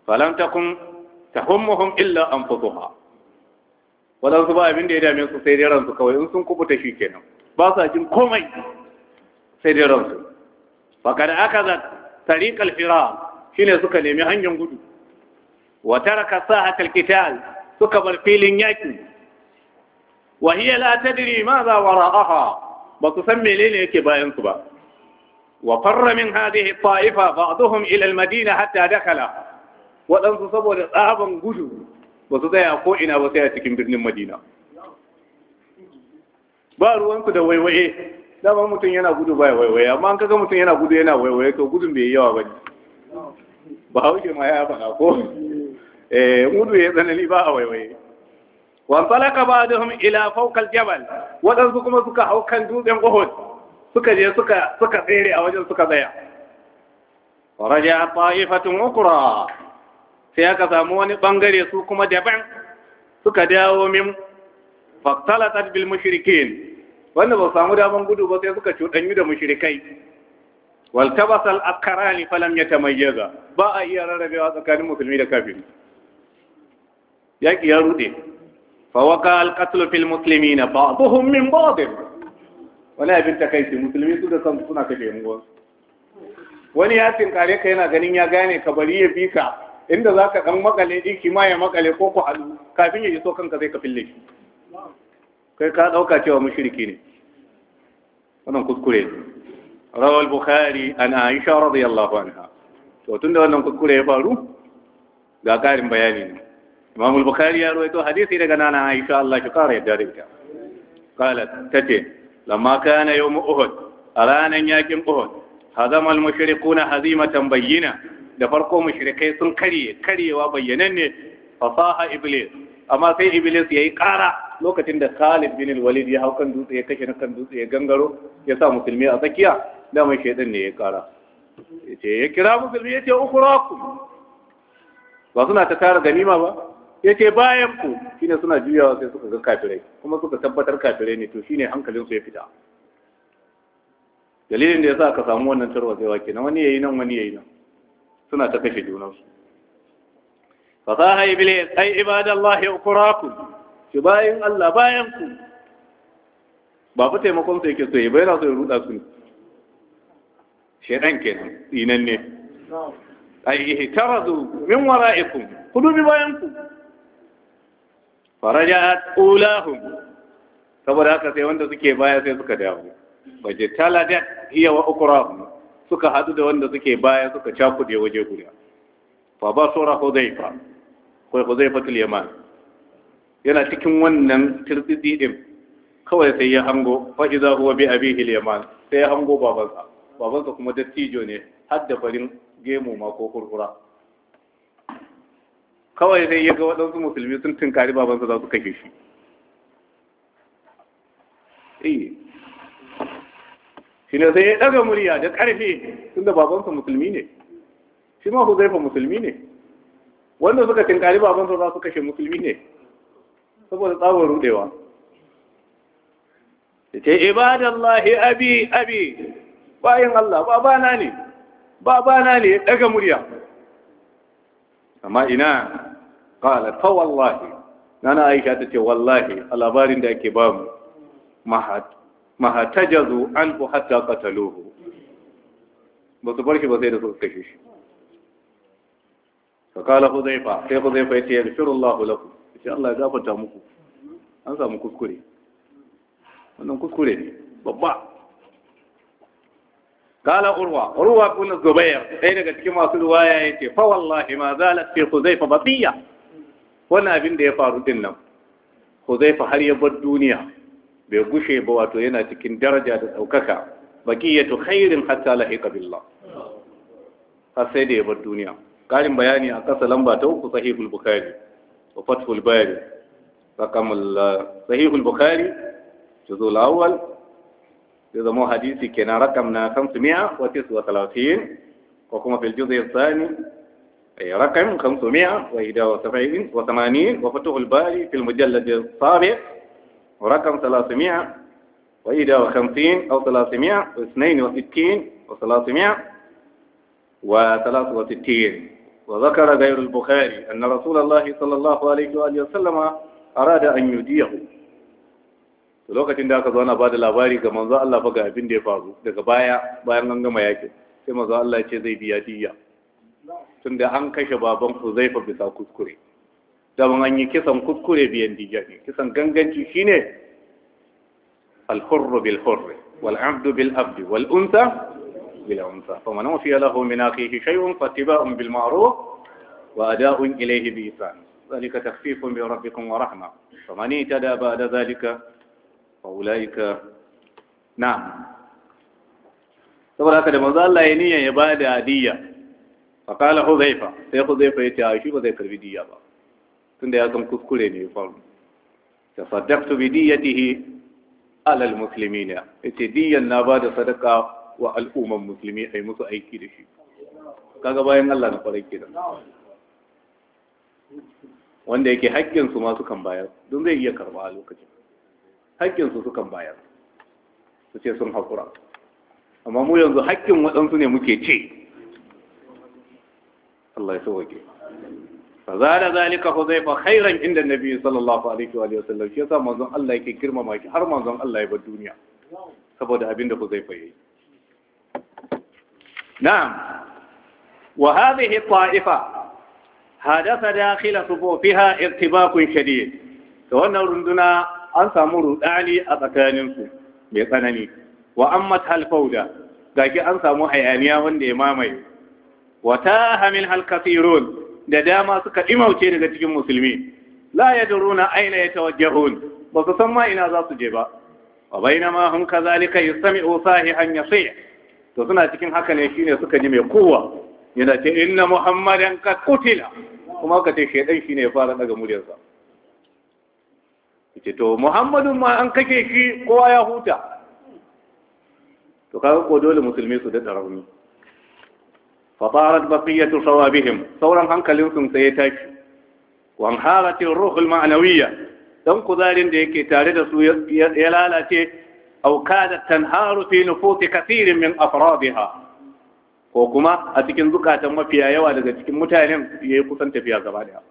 falam ta tahummuhum illa anfusuha waɗansu ba abin da ya dame su sai dai ransu kawai in sun kubuta shi kenan ba sa jin komai sai dai ransu faqad akaza tariqal shi shine suka nemi hanyar gudu wa taraka sahatal qital suka bar filin yaki wa hiya la tadri ma za wara'aha ba su san menene yake bayan su ba وفر من هذه الطائفة بعضهم إلى المدينة حتى دخل waɗansu saboda tsaban gudu ba su tsaya ko ina ba sai a cikin birnin madina ba ruwansu da waiwaye dama mutum yana gudu ba waiwaye amma an kaga mutum yana gudu yana waiwaye to gudun bai yawa ba ne ba hauke ma ya faɗa ko eh gudu ya tsanani ba a waiwaye wan talaka ba'dhum ila fawqa al-jabal waɗansu kuma suka hau kan dutsen Uhud suka je suka tsere a wajen suka tsaya raja ta'ifatun ukra sai aka samu wani ɓangare su kuma daban suka dawo min faktalatat bil mashirikin wanda ba samu daman gudu ba sai suka cuɗanyu da mashirikai. wal falon ya falam yatamayyaza ba a iya rarrabewa tsakanin musulmi da kafin. yaki ya ruɗe. fa waka al musulmi na ba min ba wani abin ta takaici musulmi su da san suna kashe yan uwansu wani ya tinkare ka yana ganin ya gane ka bari ya bi ka inda za ka ɗan makale ɗiki ma ya makale ko ku haɗu kafin ya iso kanka zai ka fille shi kai ka ɗauka cewa mushriki ne wannan kuskure rawal bukhari an aisha radiyallahu anha to tunda wannan kuskure ya faru ga karin bayani ne imam al-bukhari ya rawaito hadisi daga nana aisha Allah ya kare yadda da ita qalat tace lamma kana yawm uhud a ranar yakin uhud hazamal mushrikuna hazimatan bayyina da farko mushrikai sun karye karyewa ne fasaha iblis amma sai iblis yayi kara lokacin da Khalid bin Walid ya hau kan dutse ya kashe na kan dutse ya gangaro ya sa musulmi a tsakiya da mai shaidan ne ya kara ya kira musulmi yace ukurakum ba suna ta tara ganima ba Yake bayan ku shine suna juyawa sai suka ga kafirai kuma suka tabbatar kafirai ne to shine hankalin su ya fita dalilin da yasa aka samu wannan tarwatsewa kenan wani yayi nan wani yayi nan suna ta kashe junansu fasaha iblis ai ibadallahi ukuraku shi bayan Allah bayan ku ba fa taimakon su yake so ya bayyana so ya ruda su ne shedan kenan dinan ne ai ihtarazu min wara'ikum ku dubi bayan ku Farajat ulahum saboda haka sai wanda suke baya sai suka dawo baje taladat hiya wa ukrahum suka hadu da wanda suke baya suka cakude waje guda fa sura hudayfa hudayfa til yaman yana cikin wannan tirtsitsi din kawai sai ya hango fa idza huwa bi abihi yaman sai ya hango babansa babansa kuma dattijo ne hadda farin gemu ma ko kurkura kawai zai ya ga waɗansu musulmi sun tunkari babansa za su kashe shi eh. shi ne sai ya ɗaga murya da ƙarfe tunda babansa musulmi ne shi ma ku zaifa musulmi ne wanda suka tunkari babansa za su kashe musulmi ne saboda tsawon rudewa da ce ibadallahi abi abi bayan Allah babana ne babana ne ya ɗaga murya amma ina qala fa wallahi nana aisha tace wallahi a labarin da ake ba mu mahat mahatajazu anhu hatta qataluhu ba su bar shi ba sai da su kashe shi fa qala hudayfa sai hudayfa yace yaghfirullahu Allah ya gafarta muku an samu kuskure wannan kuskure ne babba قال أروى أروى بن الزبير أين قد كما سلوا يأتي فوالله ما زالت في حذيفة بطية wannan abin da ya faru din nan huzaifa har ya bar duniya bai gushe ba wato yana cikin daraja da ɗaukaka baqiyatu khairin hatta lahiqa billah har sai da ya bar duniya ƙarin bayani a ƙasa lamba ta uku sahihul bukhari wa fathul bari rakamul uh, sahihul bukhari juzul awwal ya zama hadisi kenan rakam na 530 ko kuma fil juz'i thani رقم 571 وفتح الباري في المجلد الصابع ورقم 300 أو 362 و 363 وذكر غير البخاري أن رسول الله صلى الله عليه وآله وسلم أراد أن يديه lokacin da aka zo ana bada labari ga manzo Allah fa ga abin da ya faru daga baya bayan an gama yakin sai manzo Allah ya ce zai biya diya tunda an kashe baban huzaifa bisa kuskure da an yi kisan kuskure biyan diya ne kisan ganganci shine alhurru bil hurri wal abdu bil abdi wal unsa bil unsa fa man ufiya lahu min akhihi shay'un fattiba'un bil ma'ruf wa ada'un ilayhi bi ihsan ذلك تخفيف من ربكم ورحمة فمن اهتدى بعد ذلك فأولئك نعم saboda haka da manzo Allah ya niyya ya bada adiyya fakala huzaifa sai huzaifa ya ce a shi ba zai karbi diya ba tunda ya kan kuskure ne ya faru ta saddaqtu bi diyatihi ne. Ya yace diyan na ba da sadaka wa al'umman musulmi ai musu aiki da shi kaga bayan Allah na ke da. wanda yake haƙƙin su ma sukan bayar don zai iya karba a lokacin haƙƙin su sukan bayar su ce sun haƙura amma mu yanzu haƙƙin waɗansu ne muke ce Allah ya sauke fa zada zalika huzaifa khairan inda nabi sallallahu alaihi wa sallam shi yasa manzon Allah yake girmama ki har manzon Allah ya bar duniya saboda abin da huzaifa yayi na'am wa hadhihi ta'ifa hadasa dakhila subufiha irtibakun shadid to wannan runduna an samu rudani a tsakaninsu mai tsanani wa ammat halfauda gaki an samu hayaniya wanda ya mamaye wata hamin halkafirun da dama suka imauce daga cikin musulmi la ya duruna aina ya tawajjahun ba su san ma ina za su je ba wa baina ma yi sami yastami'u hanya sai? to suna cikin haka ne shine suka ji mai kowa yana ce inna muhammadan ka kutila? kuma ka ce shedan shine ya fara daga muryarsa ce to muhammadun ma an kake shi kowa ya huta to kaga ko dole musulmi su da rauni فطارت بقية صوابهم ثورا hankalinsu sai ya tashi وانهارت الروح المعنوية dan kuzarin da yake tare da su ya lalace aw kadat tanharu fi nufuti kathirin min afradiha ko kuma a cikin zukatan mafiya yawa daga cikin mutanen yayi kusan tafiya gaba daya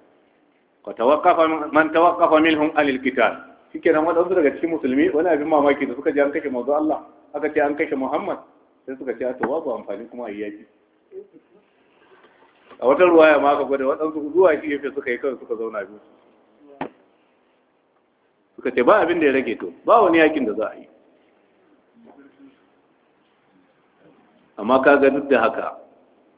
ka man tawaqqafa minhum anil qital shike nan wadansu daga cikin musulmi wani abin mamaki da suka ji an kashe Allah aka ce an kashe Muhammad sai suka ce amfani kuma a wata ruwaya ma ka gwada waɗansu zuwa shi yafe suka yi kawai suka zauna biyu suka ce ba abin da ya rage to ba wani yakin da za a yi amma ka ga duk da haka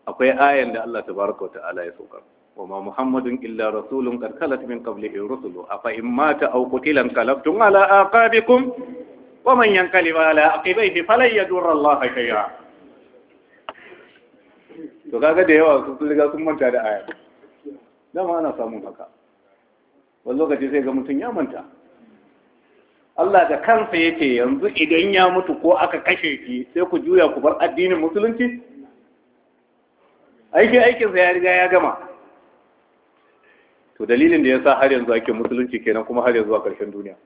akwai ayan da Allah ta tabaraka ta'ala ya saukar wa ma muhammadun illa rasulun karkalat min min in rusulu afa in mata aw qutila kalaftum ala aqabikum wa man yanqalib ala aqibaihi falan shay'a to kaga da yawa sun riga sun manta da aya dama ana samun haka wani lokaci sai ga mutum ya manta Allah da kansa yake yanzu idan ya mutu ko aka kashe shi sai ku juya ku bar addinin musulunci aiki aikinsa ya riga ya gama to dalilin da ya sa har yanzu ake musulunci kenan kuma har yanzu a ƙarshen duniya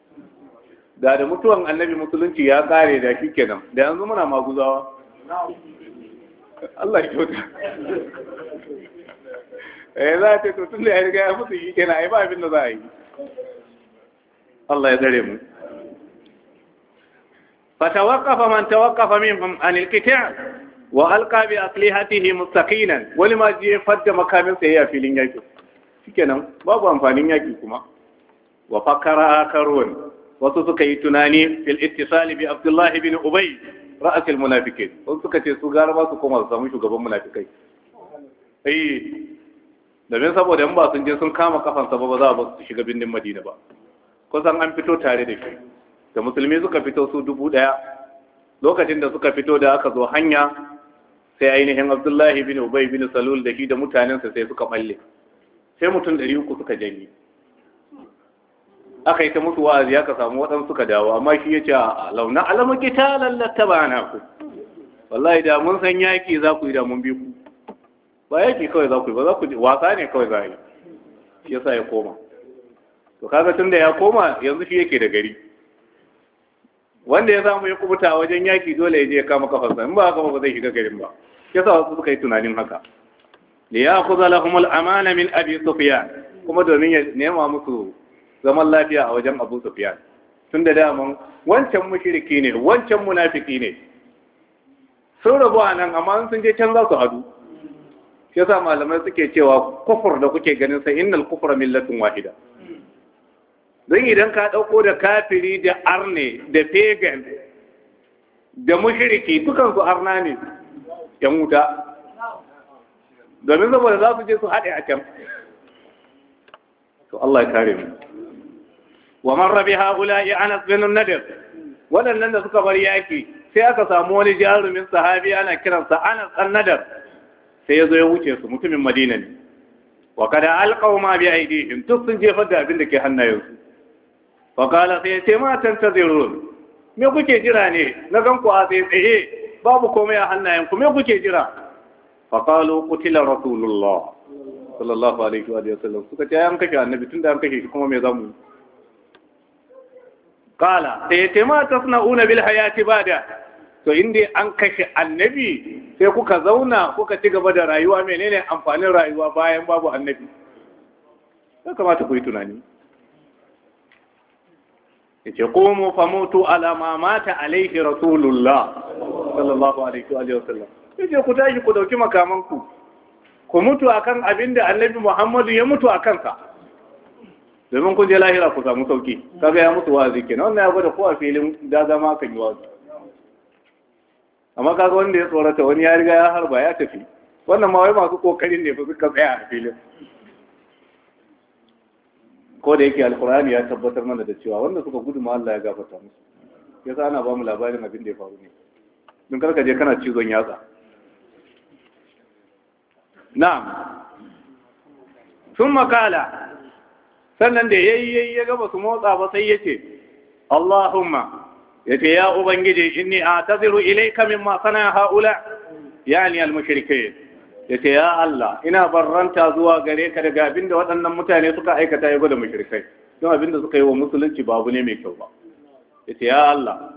da da mutuwan annabi musulunci ya kare da shi kenan da yanzu muna maguzawa Allah ya kyauta eh za ta to tun da ya riga ya mutu yi kenan ai ba abin da za a yi Allah ya dare mu فتوقف من توقف منهم عن القطع وألقى بأقلهته مستقينا ولما جي فد مكان سيئة في لنجاكو shikenan babu amfanin yaki kuma wa fakara akarun wasu suka yi tunani fil ittisali bi Abdullah ibn Ubay ra'asul munafiqin wasu suka ce su gara ba su koma su samu shugaban munafikai eh domin saboda in ba sun je sun kama kafansa ba ba za a ba su shiga bindin Madina ba kusan an fito tare da shi da musulmi suka fito su dubu daya lokacin da suka fito da aka zo hanya sai ainihin Abdullahi bin Ubay bin Salul da shi da mutanensa sai suka balle sai mutum ɗari uku suka janye aka yi ta mutu wa'azi ka samu waɗansu ka dawo amma shi ya ce a launa alama kita lallata ba na ku wallahi da mun san yaƙi za ku yi da mun bi ku ba yaƙi kawai za ku yi ba za ku wasa ne kawai za a yi shi sa ya koma to kaga tun da ya koma yanzu shi yake da gari wanda ya samu ya kubuta wajen yaƙi dole ya je ya kama kafarsa in ba haka ba zai shiga garin ba sa wasu suka yi tunanin haka li ya'khudha lahum al-amana min abi sufyan kuma domin ya nema musu zaman lafiya a wajen Abu sufiyan tun da daman wancan mushiriki ne wancan munafiki ne sun rabu a nan amma sun je can za su hadu shi yasa malamai suke cewa kufur da kuke ganin sai innal kufur millatun wahida don idan ka ɗauko da kafiri da arne da pagan da mushriki dukansu arna ne yan wuta domin saboda za su je su haɗe a can to Allah ya kare mu wa man rabi haula'i Anas bin Nadir waɗannan da suka bar yaki sai aka samu wani jarumin sahabi ana kiransa Anas an Nadir sai ya zo ya wuce su mutumin Madina ne wa kada alqaw ma bi aidihim duk sun jefar da abin da ke hannayensu fa kala sai ya ce ma tantazirun me kuke jira ne na gan ku a tsaye babu komai a hannayenku me kuke jira fa qalu qutila rasulullah sallallahu alaihi wa sallam suka ce an kake annabi tunda an kake kuma me zamu kala sai ya ce ma una bil hayati bada to inda an kashe annabi sai kuka zauna kuka ci gaba da rayuwa menene amfanin rayuwa bayan babu annabi ya kamata ku yi tunani ya ce komo famoto alama mata alaihi rasulullah sallallahu alaihi wa sallam ya ce ku tashi ku dauki makamanku ku mutu akan abin da annabi muhammadu ya mutu a kansa domin kun je lahira ku samu sauki kaga ya mutu wa'azi ke nan ya gwada ko a filin daga ma kan yi wazi amma kaga wanda ya tsorata wani ya riga ya harba ya tafi wannan ma masu kokarin ne fa suka tsaya a filin ko da yake alkur'ani ya tabbatar mana da cewa wanda suka gudu ma Allah ya gafarta musu yasa ana ba mu labarin abin da ya faru ne don karka je kana cizon yatsa na'am sun makala sannan da yayi ya ga basu motsa ba sai ya ce, Allahumma ya ce ya ubangiji inni a'tadiru ilai mimma masana haula Ya ni al Ya ce ya Allah ina barranta zuwa gare ka daga abinda waɗannan mutane suka aikata ya gwada mushrikai don abinda suka yi wa musulunci babu ne mai kyau ba Ya ce ya Allah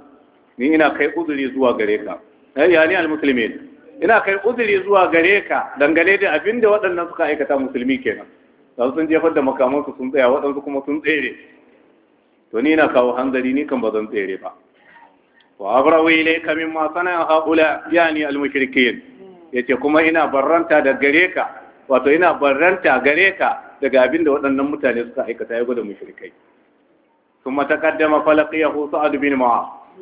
ni ina kai uzuri zuwa gare ka yani al-muslimin ina kai uzuri zuwa gare ka dangane da abinda waɗannan suka aikata musulmi kenan wasu sun jefar da makamansu sun tsaya waɗansu kuma sun tsere to ni na kawo hanzari ni kan ba zan tsere ba wa abrawu ilayka ma sana haula yani al-mushrikin yace kuma ina barranta da gare ka wato ina barranta gare ka daga abin da waɗannan mutane suka aikata ya gwada mushrikai kuma taqaddama falaqiyahu sa'ad bin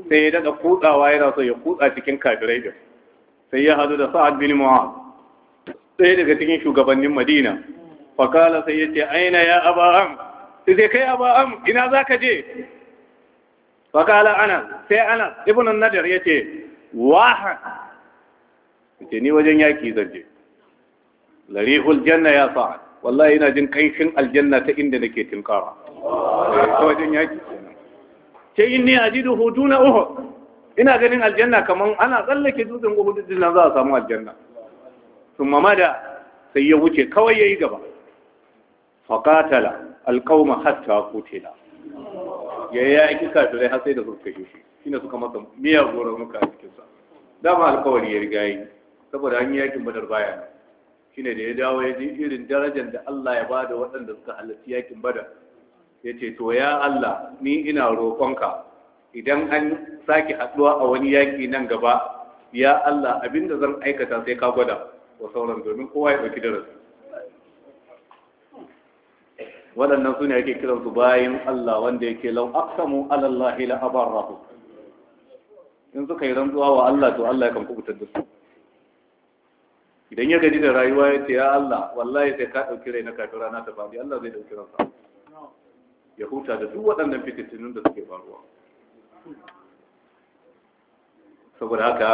sai ya daɗa kutsawa yana so ya kutsa cikin kafirai din sai ya hadu da sa'ad bin mu'az daga cikin shugabannin madina fakala sai yace aina ya aba'am sai kai aba'am ina zaka je fakala anas, sai ana ibn nadar yace wahan yace ni wajen yaki zanje larihul janna ya sa'ad wallahi ina jin kanshin aljanna ta inda nake tinkara ta wajen yaki ce inni ajidu huduna uhu. ina ganin aljanna kaman ana tsallake dutsen uhud din nan za a samu aljanna sun mamada sai ya wuce kawai ya yi gaba faƙatala alƙauma hatta kutila ya yi yaƙi kafirai har sai da suka kashe shi shi ne suka masa miya goron muka a cikinsa dama alƙawari ya riga yi saboda an yi yaƙin badar baya nan shi ne da ya dawo ya ji irin darajar da Allah ya ba da waɗanda suka halarci yaƙin badar ya ce to ya Allah ni ina roƙonka idan an sake haɗuwa a wani yaƙi nan gaba ya Allah abinda zan aikata sai ka gwada wa sauran domin kowa ya ɗauki darasi waɗannan su ne ake kiransu bayan Allah wanda yake lau aksamu alallahi la abarrahu in suka yi rantsuwa wa Allah to Allah kan kubutar da su idan ya gaji da rayuwa ya ce ya Allah wallahi sai ka ɗauki rai na kafin rana ta faɗi Allah zai ɗauki ransa ya huta da duk waɗannan fitattunin da suke faruwa saboda haka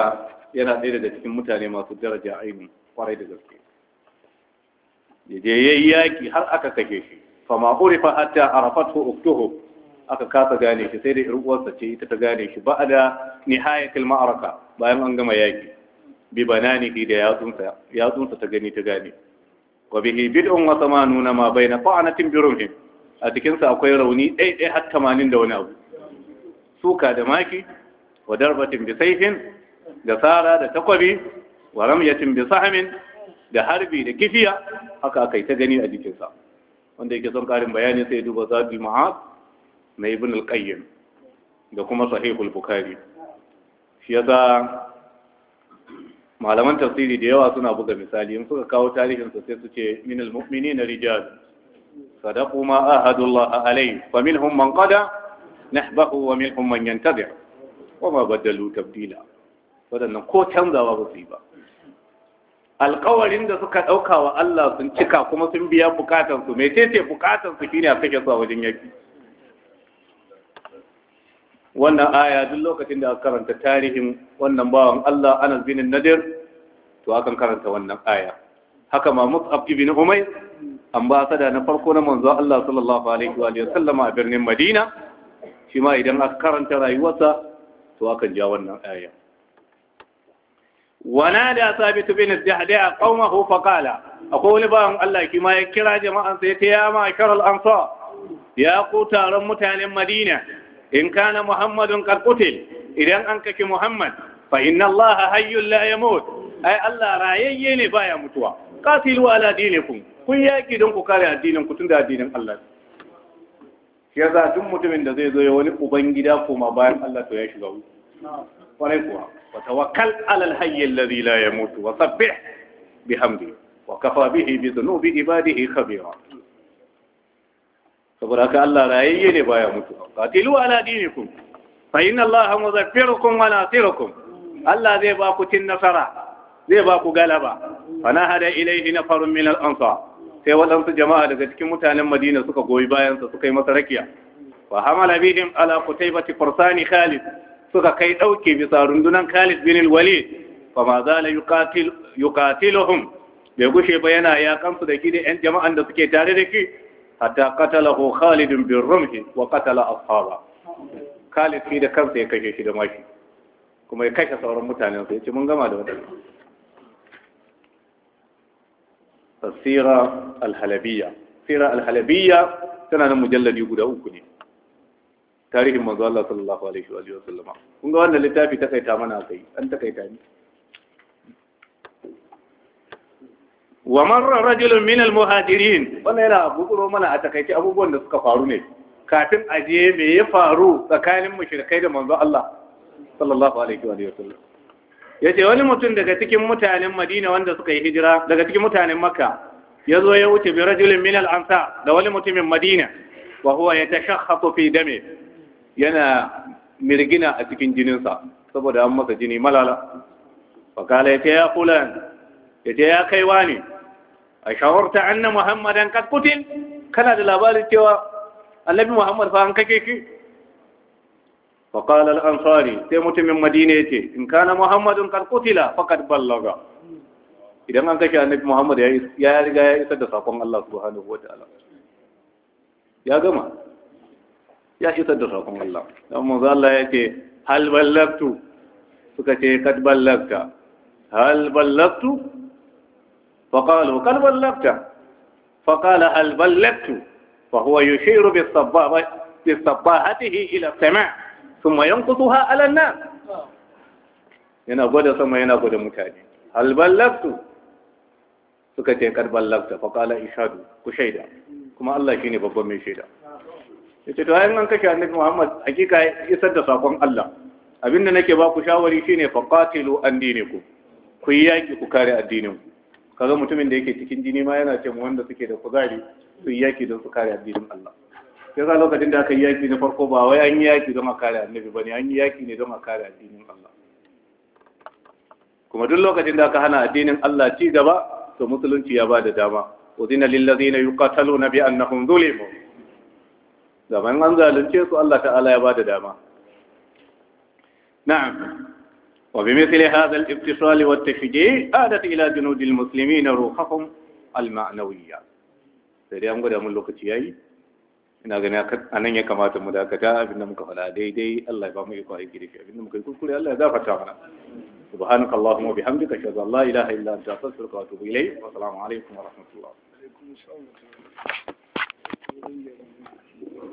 yana ɗaya daga cikin mutane masu daraja aini kwarai da gaske ya je ya yi yaƙi har aka kashe shi fama urifa hatta arafatu uktuhu aka kasa gane shi sai da ƴar uwarsa ce ita ta gane shi ba da nihayatil ma'araka bayan an gama yaki bi ki da yatsunsa yatsunsa ta gani ta gane wa bihi bid'un wa samanuna ma baina qa'natin bi rumhin a cikin sa akwai rauni ɗai ɗai har 80 da wani abu suka da maki wa darbatin bi sayfin da sara da takwabi wa ramyatin bi sahamin da harbi da kifiya haka akai ta gani a jikinsa wanda yake son karin bayani sai duba zabi ma'ad na ibn al-qayyim da kuma sahihul bukhari shi yasa malaman tafsiri da yawa suna buga misali in suka kawo tarihin sa sai su ce min al-mu'minina rijal sadaqu ma ahadullah alayhi fa minhum man qada nahbahu wa minhum man yantabi wa ma badalu tabdila wadannan ko canzawa ba su yi ba alkawarin da suka ɗauka wa Allah sun cika kuma sun biya bukatansu mai ce bukatansu shine a kake suwa wajen yaki wannan aya duk lokacin da aka karanta tarihin wannan bawan Allah Anas zinin Nadir to akan karanta wannan aya haka ma Mus'ab ibn ba Sada, na farko na manzo Allah sallallahu alaihi wa sallama a birnin Madina shi ma idan aka karanta rayuwarsa to akan ja wannan aya ونادى ثابت بن الدحداء قومه فقال أقول بهم الله كما يكرى جماعة يا معشر الأنصار يا قوتار متان المدينة إن كان محمد قد قتل إذا أنكك محمد فإن الله حي لا يموت أي الله رايين بايا متوا قاتلوا على دينكم kun yaƙi don ku kare addinin ku tun da addinin Allah ya za tun mutumin da zai zo ya wani ubangida koma bayan Allah to ya shiga wuce. Kwarai kuwa. wa tawakkal alal hayy alladhi la wa sabbih bihamdi wa kafa bihi bi dhunubi ibadihi khabira saboda haka Allah rayayye ne baya mutuwa qatilu ala dinikum fa inna Allaha muzaffirukum wa nasirukum Allah zai ba ku cin nasara zai baku galaba fana hada na farin min ansa sai waɗansu jama'a daga cikin mutanen Madina suka goyi bayansa suka yi masa rakiya fa hamala bihim ala kutaibati fursani khalid suka kai ɗauke bisa rundunan Khalid bin Walid fa ma zala yuqatiluhum bai gushe ba yana ya su da ki da ƴan jama'an da suke tare da ki hatta qatalahu Khalid bin Rumhi wa qatala ashaba Khalid fi da kansa ya kashe shi da mashi kuma ya kashe sauran mutanen sa yace mun gama da wannan Sira al-Halabiyya Sira al-Halabiyya tana nan mujalladi guda uku ne tarihin manzo Allah sallallahu alaihi wa alihi kun ga wannan littafi ta kaita mana kai an ta kaita ni wa rajulun min al-muhajirin wannan yana gutsuro mana a takaice abubuwan da suka faru ne kafin a je me ya faru tsakanin mushrikai da manzo Allah sallallahu alaihi wa alihi yace wani mutum daga cikin mutanen Madina wanda suka yi hijira daga cikin mutanen Makka ya zo ya wuce bi rajulun min al-ansar da wani mutumin Madina wa huwa yatashakhafu fi dami yana mirgina a cikin jininsa saboda an masa jini malala fakala ya ce ya fulan ya ce ya kaiwa ne a shawarta na muhammadan kad kutin kana da labarin cewa annabi muhammad fa an kake shi fakala al'ansari sai mutumin madina ya ce in kana muhammadun kad kutila fakat ballaga idan an kashe annabi muhammad ya riga ya isar da sakon Allah subhanahu wa ta'ala ya gama ya isar da sakon Allah dan manzo Allah ce hal ballagtu suka ce kad ballagta hal hal فقالوا قد بلغت فقال هل بلغت فهو يشير ila sama' السماء ثم ينقصها على الناس yana gwada sama yana gwada mutane hal ballagtu suka ce kad ballagta fa qala ishadu ku shaida kuma Allah shine babban mai shaida yace to ayin kake annabi Muhammad hakika isar da sakon Allah abinda nake ba ku shawari shine faqatilu andinikum ku yi yaki ku kare addinin ku kaga mutumin da yake cikin jini ma yana ce wanda suke da kuzari su yi yaki don su kare addinin Allah Sai ga lokacin da aka yi yaki na farko ba wai an yi yaki don a kare annabi bane an yi yaki ne don a kare addinin Allah kuma duk lokacin da aka hana addinin Allah ci gaba to musulunci ya ba da dama udina lil ladina yuqataluna bi annahum zulimun zaman an zalunce su Allah ta'ala ya ba da dama na'am wa bi mithli hadha al-ibtisal wa at-tashji' adat ila junud al-muslimin ruhahum al-ma'nawiyya sai dai an gwada mun lokaci yayi ina gani a nan ya kamata mu dakata abinda muka faɗa daidai Allah ya ba mu iko aiki da shi abinda muka yi kuskure Allah ya gafarta mana سبحانك اللهم وبحمدك اشهد ان لا اله الا انت استغفرك واتوب اليك والسلام عليكم ورحمه الله